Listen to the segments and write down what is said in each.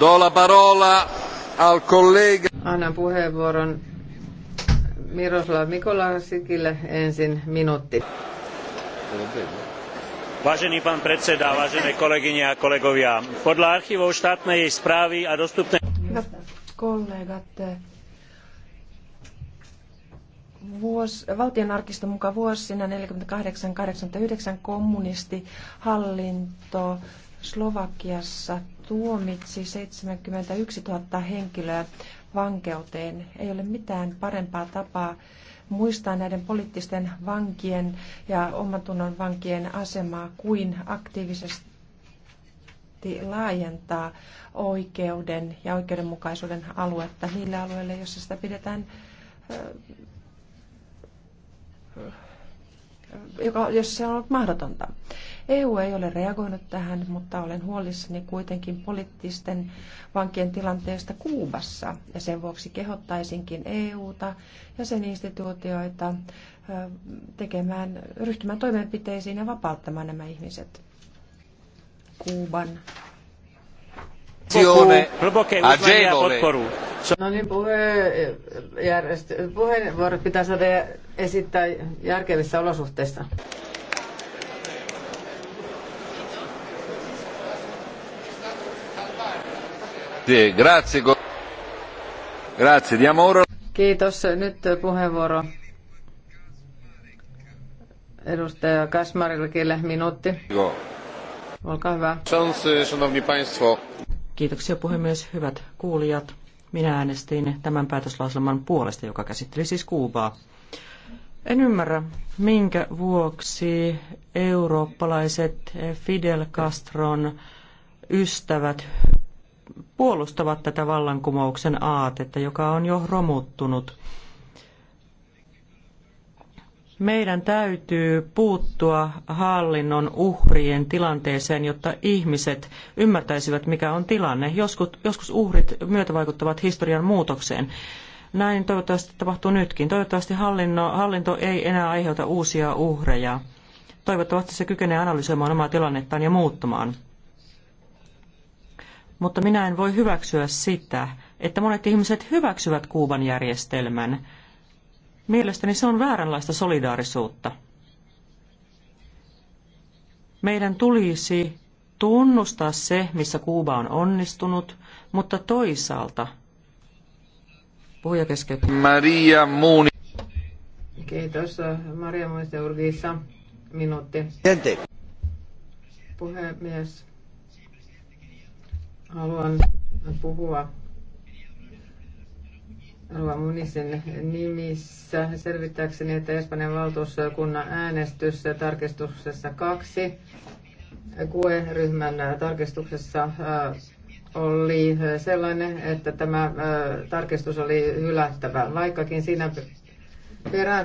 Do la parola al collega. Annan puheenvuoron Miroslav Mikolasikille ensin minuutti. Vážený pán predseda, vážené kolegyne a kolegovia, podľa archívov štátnej správy a dostupnej... kollegat, eh, vuos, valtion arkiston mukaan vuosina 48-89 kommunistihallinto Slovakiassa tuomitsi 71 000 henkilöä vankeuteen. Ei ole mitään parempaa tapaa muistaa näiden poliittisten vankien ja omatunnon vankien asemaa kuin aktiivisesti laajentaa oikeuden ja oikeudenmukaisuuden aluetta niille alueille, joissa sitä pidetään joka, jos se on ollut mahdotonta. EU ei ole reagoinut tähän, mutta olen huolissani kuitenkin poliittisten vankien tilanteesta Kuubassa. Ja sen vuoksi kehottaisinkin EUta ja sen instituutioita tekemään, ryhtymään toimenpiteisiin ja vapauttamaan nämä ihmiset. Kuuban No niin, puheenvuorot pitää saada esittää järkevissä olosuhteissa. Kiitos. Nyt puheenvuoro edustaja Kasmarikille minuutti. Olkaa hyvä. Kiitoksia puhemies. Hyvät kuulijat. Minä äänestin tämän päätöslauselman puolesta, joka käsitteli siis Kuubaa. En ymmärrä, minkä vuoksi eurooppalaiset Fidel Castron ystävät puolustavat tätä vallankumouksen aatetta, joka on jo romuttunut. Meidän täytyy puuttua hallinnon uhrien tilanteeseen, jotta ihmiset ymmärtäisivät, mikä on tilanne. Joskus, joskus uhrit myötävaikuttavat historian muutokseen. Näin toivottavasti tapahtuu nytkin. Toivottavasti hallinno, hallinto ei enää aiheuta uusia uhreja. Toivottavasti se kykenee analysoimaan omaa tilannettaan ja muuttumaan mutta minä en voi hyväksyä sitä, että monet ihmiset hyväksyvät Kuuban järjestelmän. Mielestäni se on vääränlaista solidaarisuutta. Meidän tulisi tunnustaa se, missä Kuuba on onnistunut, mutta toisaalta... Puhuja keskeyttää. Maria Muuni. Kiitos. Maria Muisteurgissa. Minuutti. Puhemies. Haluan puhua Rua Munisen nimissä selvittääkseni, että Espanjan valtuuskunnan äänestys tarkistuksessa kaksi QE-ryhmän tarkistuksessa äh, oli sellainen, että tämä äh, tarkistus oli hylättävä, vaikkakin siinä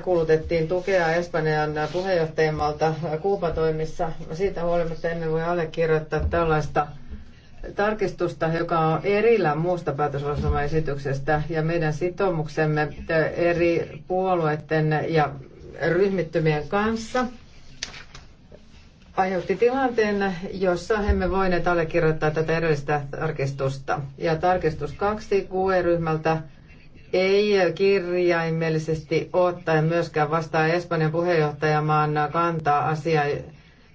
kulutettiin tukea Espanjan puheenjohtajamalta Kuupatoimissa. Siitä huolimatta emme voi allekirjoittaa tällaista tarkistusta, joka on erillään muusta päätöslauselmaesityksestä ja meidän sitoumuksemme eri puolueiden ja ryhmittymien kanssa aiheutti tilanteen, jossa emme voineet allekirjoittaa tätä edellistä tarkistusta. Ja tarkistus kaksi QE-ryhmältä ei kirjaimellisesti ottaen myöskään vastaa Espanjan puheenjohtajamaan kantaa asiaa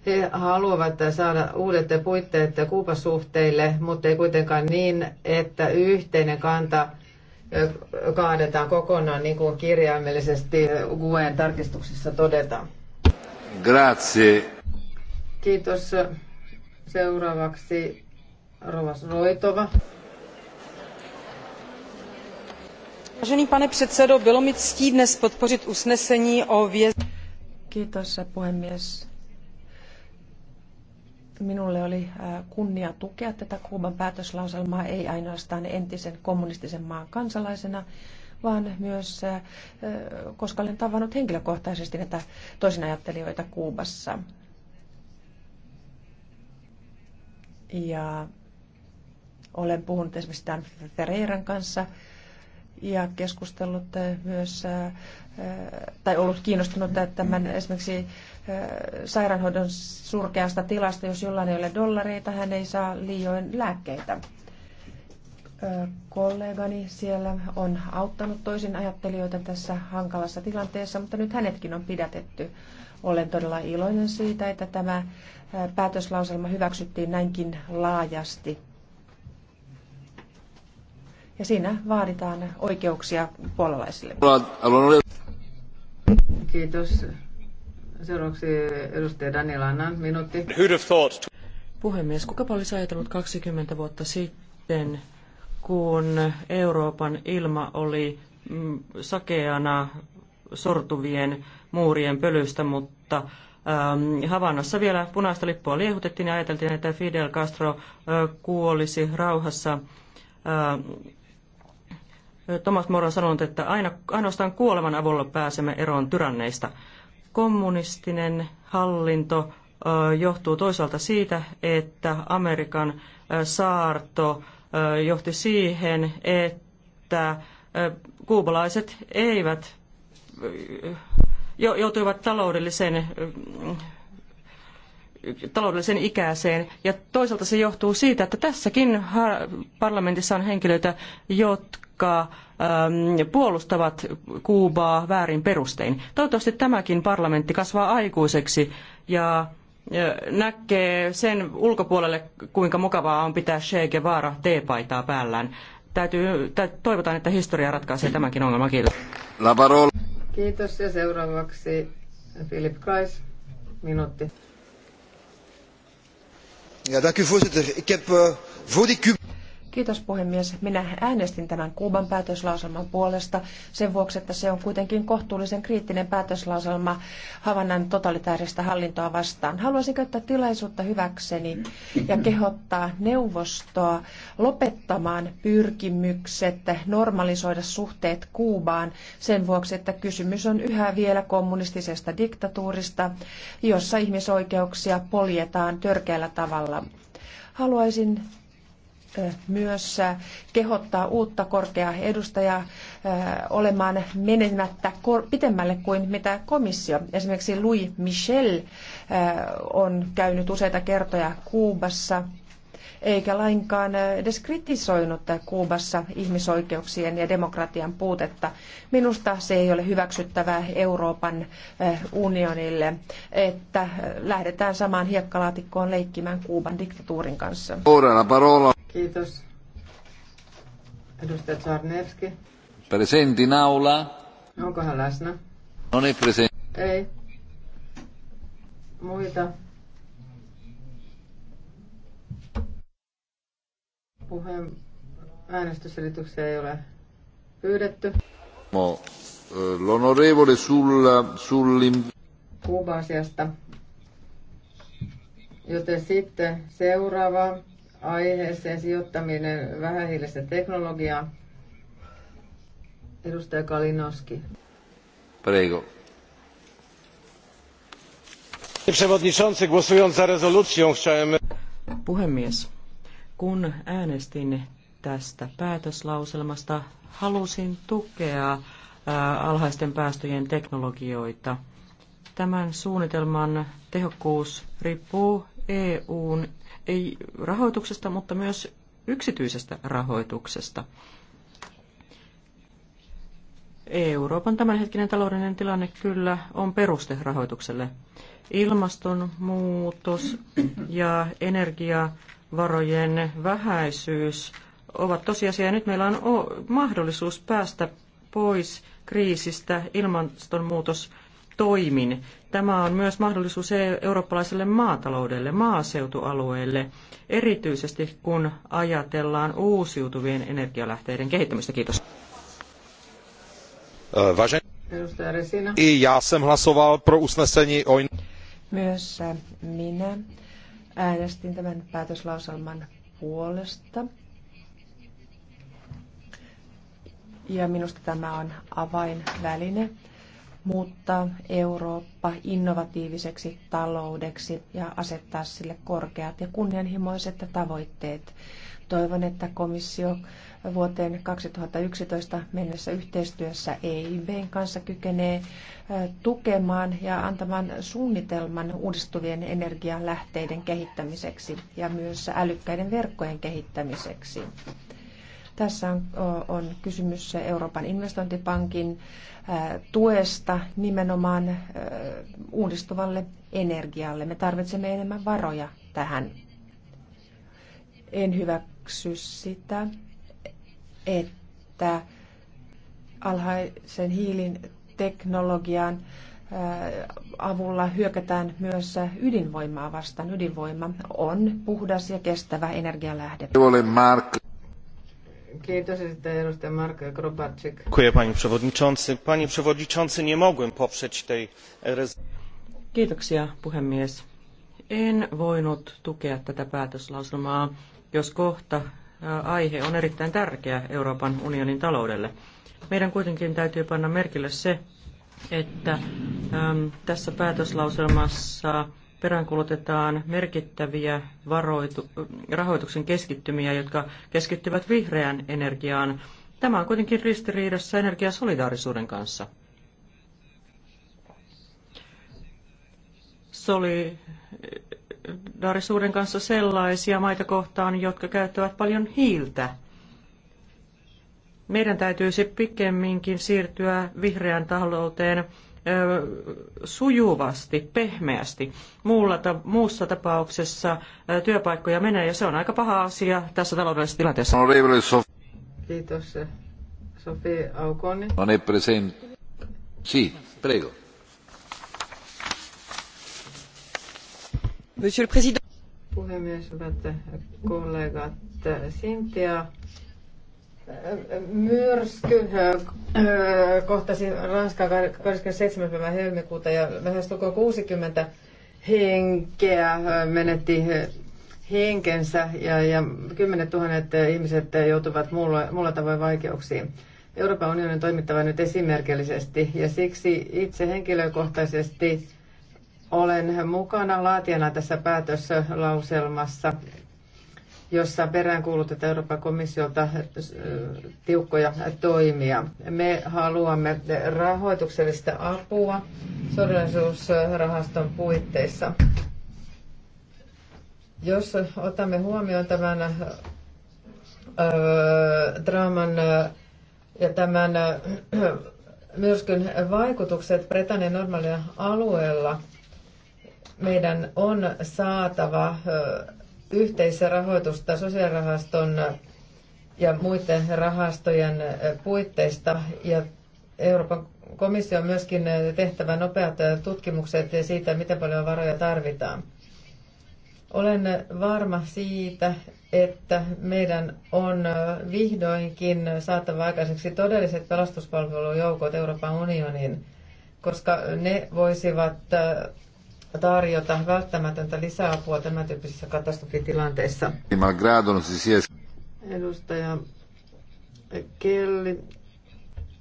he haluavat saada uudet puitteet Kuupasuhteille, mutta ei kuitenkaan niin, että yhteinen kanta kaadetaan kokonaan, niin kuin kirjaimellisesti Guen tarkistuksissa todetaan. Grazie. Kiitos. Seuraavaksi Rovas Roitova. Vážený pane předsedo, bylo mi ctí dnes podpořit usnesení o věz... Kiitos, puhemies. Minulle oli äh, kunnia tukea tätä Kuuban päätöslauselmaa ei ainoastaan entisen kommunistisen maan kansalaisena, vaan myös, äh, koska olen tavannut henkilökohtaisesti näitä toisinajattelijoita Kuubassa. Ja olen puhunut esimerkiksi Dan Ferreiran kanssa ja keskustellut äh, myös, tai ollut kiinnostunut tämän esimerkiksi sairaanhoidon surkeasta tilasta, jos jollain ei ole dollareita, hän ei saa liioin lääkkeitä. Kollegani siellä on auttanut toisin ajattelijoita tässä hankalassa tilanteessa, mutta nyt hänetkin on pidätetty. Olen todella iloinen siitä, että tämä päätöslauselma hyväksyttiin näinkin laajasti. Ja siinä vaaditaan oikeuksia puolalaisille. Kiitos. Seuraavaksi edustaja Daniel Annan, minuutti. Puhemies, kukapa olisi ajatellut 20 vuotta sitten, kun Euroopan ilma oli mm, sakeana sortuvien muurien pölystä, mutta ähm, Havannassa vielä punaista lippua liehutettiin ja ajateltiin, että Fidel Castro äh, kuolisi rauhassa. Äh, Thomas More on sanonut, että aina, ainoastaan kuoleman avulla pääsemme eroon tyranneista. Äh, Kommunistinen hallinto johtuu toisaalta siitä, että Amerikan saarto johti siihen, että kuubalaiset eivät joutuivat taloudelliseen taloudellisen ikäiseen. Ja toisaalta se johtuu siitä, että tässäkin parlamentissa on henkilöitä, jotka taikka ähm, puolustavat Kuubaa väärin perustein. Toivottavasti tämäkin parlamentti kasvaa aikuiseksi ja näkee sen ulkopuolelle, kuinka mukavaa on pitää Che Guevara teepaitaa päällään. Täytyy, tä, toivotaan, että historia ratkaisee tämänkin ongelman. Kiitos. Kiitos ja seuraavaksi Philip Kreis, minuutti. Ja, dank u voorzitter. Ik heb eh, voor die Kiitos puhemies. Minä äänestin tämän Kuuban päätöslauselman puolesta sen vuoksi, että se on kuitenkin kohtuullisen kriittinen päätöslauselma Havannan totalitaarista hallintoa vastaan. Haluaisin käyttää tilaisuutta hyväkseni ja kehottaa neuvostoa lopettamaan pyrkimykset normalisoida suhteet Kuubaan sen vuoksi, että kysymys on yhä vielä kommunistisesta diktatuurista, jossa ihmisoikeuksia poljetaan törkeällä tavalla. Haluaisin myös kehottaa uutta korkeaa edustajaa olemaan menemättä pitemmälle kuin mitä komissio. Esimerkiksi Louis Michel on käynyt useita kertoja Kuubassa eikä lainkaan edes kritisoinut Kuubassa ihmisoikeuksien ja demokratian puutetta. Minusta se ei ole hyväksyttävää Euroopan unionille, että lähdetään samaan hiekkalaatikkoon leikkimään Kuuban diktatuurin kanssa. Kiitos. Edustaja Czarnevski. Presenti naula. aula. Onko hän läsnä? No niin, present. Ei. Muita. Puheen äänestysselityksiä ei ole pyydetty. No, l'onorevole sulla, sull'in... Kuuba-asiasta. Joten sitten seuraava aiheeseen sijoittaminen vähähiilistä teknologiaa. Edustaja Kalinowski. Prego. Przewodniczący, głosując za rezolucją, chciałem... Puhemies, kun äänestin tästä päätöslauselmasta, halusin tukea alhaisten päästöjen teknologioita. Tämän suunnitelman tehokkuus riippuu EUn ei rahoituksesta, mutta myös yksityisestä rahoituksesta. Euroopan tämänhetkinen taloudellinen tilanne kyllä on peruste rahoitukselle. Ilmastonmuutos ja energiavarojen vähäisyys ovat tosiasia nyt meillä on mahdollisuus päästä pois kriisistä. Ilmastonmuutos toimin. Tämä on myös mahdollisuus eurooppalaiselle maataloudelle, maaseutualueelle, erityisesti kun ajatellaan uusiutuvien energialähteiden kehittämistä. Kiitos. hlasoval Myös minä äänestin tämän päätöslauselman puolesta. Ja minusta tämä on avainväline muuttaa Eurooppa innovatiiviseksi taloudeksi ja asettaa sille korkeat ja kunnianhimoiset tavoitteet. Toivon, että komissio vuoteen 2011 mennessä yhteistyössä EIBn kanssa kykenee tukemaan ja antamaan suunnitelman uudistuvien energialähteiden kehittämiseksi ja myös älykkäiden verkkojen kehittämiseksi. Tässä on, on kysymys Euroopan investointipankin tuesta nimenomaan uudistuvalle energialle. Me tarvitsemme enemmän varoja tähän. En hyväksy sitä, että alhaisen hiilin teknologian avulla hyökätään myös ydinvoimaa vastaan. Ydinvoima on puhdas ja kestävä energialähde. Mark Kiitos panie przewodniczący. Panie przewodniczący, nie mogłem poprzeć tej... rezolucji. En voinut tukea tätä päätöslauselmaa, jos kohta aihe on erittäin tärkeä Euroopan unionin taloudelle. Meidän kuitenkin täytyy panna merkille se, että äm, tässä päätöslauselmassa peräänkulutetaan merkittäviä varoitu, rahoituksen keskittymiä, jotka keskittyvät vihreään energiaan. Tämä on kuitenkin ristiriidassa energiasolidaarisuuden kanssa. Solidaarisuuden kanssa sellaisia maita kohtaan, jotka käyttävät paljon hiiltä. Meidän täytyisi pikemminkin siirtyä vihreään talouteen sujuvasti, pehmeästi. Muulla, muussa tapauksessa työpaikkoja menee ja se on aika paha asia tässä taloudellisessa tilanteessa. Kiitos. Eh, Sophie Aukoni. Non è Si, prego. Monsieur le Président. Puhemies, hyvät kollegat. Sintia myrsky kohtasi Ranskaa 27. päivä helmikuuta ja lähes 60 henkeä menetti henkensä ja, ja kymmenet tuhannet ihmiset joutuvat muulla, muulla tavoin vaikeuksiin. Euroopan unionin on toimittava nyt esimerkillisesti ja siksi itse henkilökohtaisesti olen mukana laatijana tässä päätöslauselmassa jossa peräänkuulutetaan Euroopan komissiolta äh, tiukkoja toimia. Me haluamme rahoituksellista apua solidarisuusrahaston puitteissa. Jos otamme huomioon tämän öö, draaman äh, ja tämän öö, myöskin vaikutukset Britannian normaalia alueella, meidän on saatava öö, rahoitusta sosiaalirahaston ja muiden rahastojen puitteista. Ja Euroopan komissio on myöskin tehtävä nopeat tutkimukset siitä, miten paljon varoja tarvitaan. Olen varma siitä, että meidän on vihdoinkin saatava aikaiseksi todelliset pelastuspalvelujoukot Euroopan unioniin, koska ne voisivat tarjota välttämätöntä lisäapua tämän tyyppisissä katastrofitilanteissa. Edustaja Kelli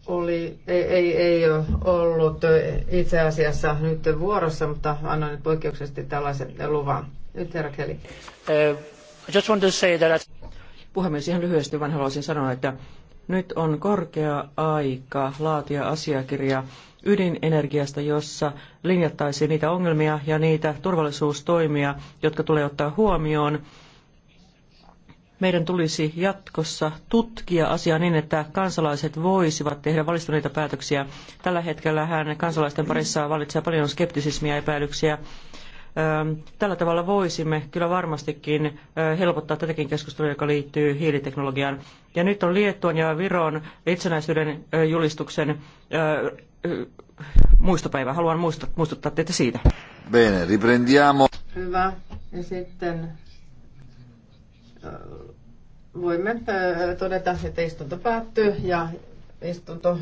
oli, ei, ei, ei ollut itse asiassa nyt vuorossa, mutta annoin nyt poikkeuksellisesti tällaisen luvan. Nyt herra Kelly. Uh, I just want to say that... Puhemies, ihan lyhyesti vaan haluaisin sanoa, että nyt on korkea aika laatia asiakirja ydinenergiasta, jossa linjattaisiin niitä ongelmia ja niitä turvallisuustoimia, jotka tulee ottaa huomioon. Meidän tulisi jatkossa tutkia asiaa niin, että kansalaiset voisivat tehdä valistuneita päätöksiä. Tällä hetkellä hän kansalaisten parissa valitsee paljon skeptisismiä ja epäilyksiä Tällä tavalla voisimme kyllä varmastikin helpottaa tätäkin keskustelua, joka liittyy hiiliteknologiaan. Ja nyt on Liettuan ja Viron itsenäisyyden julistuksen muistopäivä. Haluan muistuttaa teitä siitä. Bene, riprendiamo. Hyvä. Ja sitten voimme todeta, että istunto päättyy ja istunto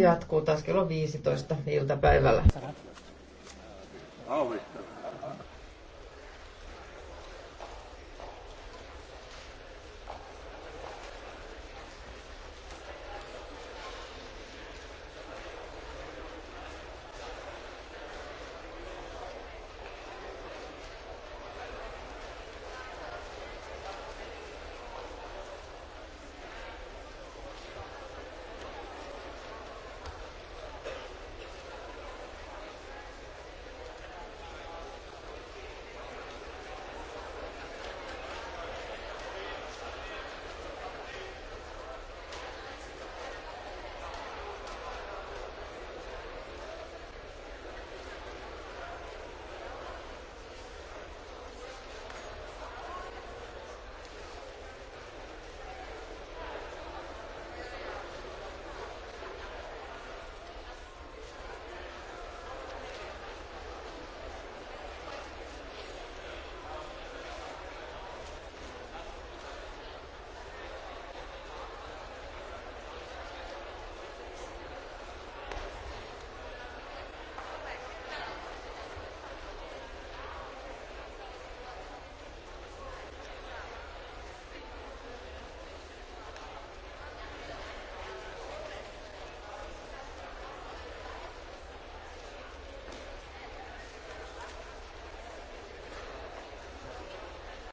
jatkuu taas kello 15 iltapäivällä. Auhittava.